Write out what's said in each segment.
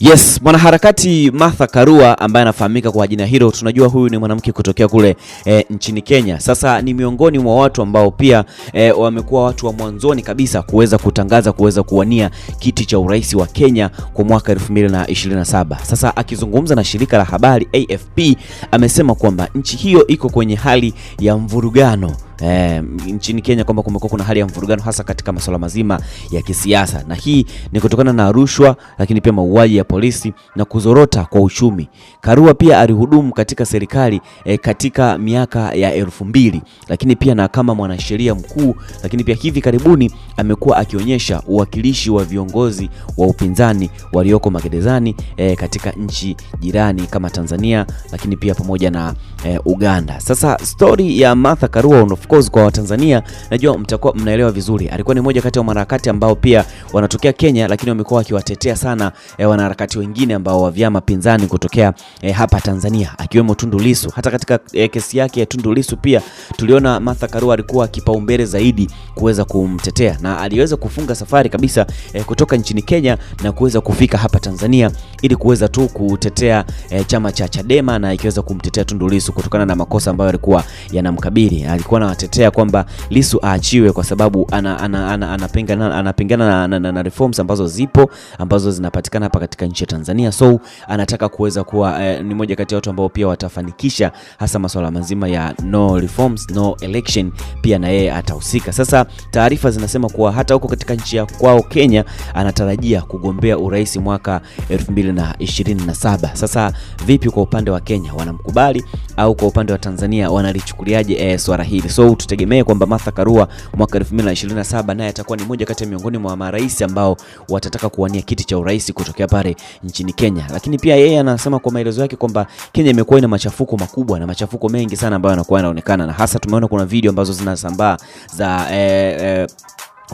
Yes, mwanaharakati Martha Karua ambaye anafahamika kwa jina hilo, tunajua huyu ni mwanamke kutokea kule e, nchini Kenya. Sasa ni miongoni mwa watu ambao pia e, wamekuwa watu wa mwanzoni kabisa kuweza kutangaza kuweza kuwania kiti cha urais wa Kenya kwa mwaka 2027. Sasa akizungumza na shirika la habari AFP amesema kwamba nchi hiyo iko kwenye hali ya mvurugano eh, nchini Kenya kwamba kumekuwa kuna hali ya mvurugano hasa katika masuala mazima ya kisiasa, na hii ni kutokana na rushwa, lakini pia mauaji ya polisi na kuzorota kwa uchumi. Karua pia alihudumu katika serikali eh, katika miaka ya elfu mbili lakini pia na kama mwanasheria mkuu, lakini pia hivi karibuni amekuwa akionyesha uwakilishi wa viongozi wa upinzani walioko magerezani eh, katika nchi jirani kama Tanzania, lakini pia pamoja na eh, Uganda. Sasa stori ya Martha Karua course kwa Watanzania najua mtakuwa mnaelewa vizuri. Alikuwa ni mmoja kati ya wanaharakati ambao pia wanatokea Kenya, lakini wamekuwa wakiwatetea sana e, wanaharakati wengine ambao wa vyama pinzani kutokea e, hapa Tanzania akiwemo Tundu Lissu. Hata katika e, kesi yake ya Tundu Lissu pia tuliona Martha Karua alikuwa kipaumbele zaidi kuweza kumtetea na aliweza kufunga safari kabisa e, kutoka nchini Kenya na kuweza kufika hapa Tanzania ili kuweza tu kutetea e, chama cha Chadema na ikiweza kumtetea Tundu Lissu kutokana na makosa ambayo alikuwa yanamkabili. Alikuwa na anatetea kwamba Lissu aachiwe kwa sababu ana, ana, ana, anapingana, ana, na, na, na, na reforms ambazo zipo ambazo zinapatikana hapa katika nchi ya Tanzania, so anataka kuweza kuwa eh, ni moja kati ya watu ambao pia watafanikisha hasa masuala mazima ya no reforms, no election, pia na yeye atahusika. Sasa taarifa zinasema kuwa hata huko katika nchi ya kwao Kenya anatarajia kugombea urais mwaka 2027. Sasa vipi kwa upande wa Kenya, wanamkubali au kwa upande wa Tanzania wanalichukuliaje eh, swala hili. So tutegemee kwamba Martha Karua mwaka 2027 naye atakuwa ni moja kati ya miongoni mwa marais ambao watataka kuwania kiti cha urais kutokea pale nchini Kenya. Lakini pia yeye anasema kwa maelezo yake kwamba Kenya imekuwa ina machafuko makubwa na machafuko mengi sana ambayo yanakuwa yanaonekana, na hasa tumeona kuna video ambazo zinasambaa za eh, eh,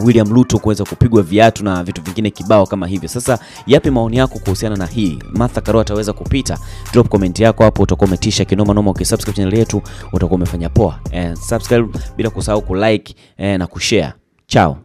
William Ruto kuweza kupigwa viatu na vitu vingine kibao kama hivyo. Sasa yapi maoni yako kuhusiana na hii? Martha Karua ataweza kupita? Drop comment yako hapo, utakuwa umetisha kinoma noma. Ukisubscribe channel yetu utakuwa umefanya poa. Eh, subscribe bila kusahau kulike eh, na kushare. Chao.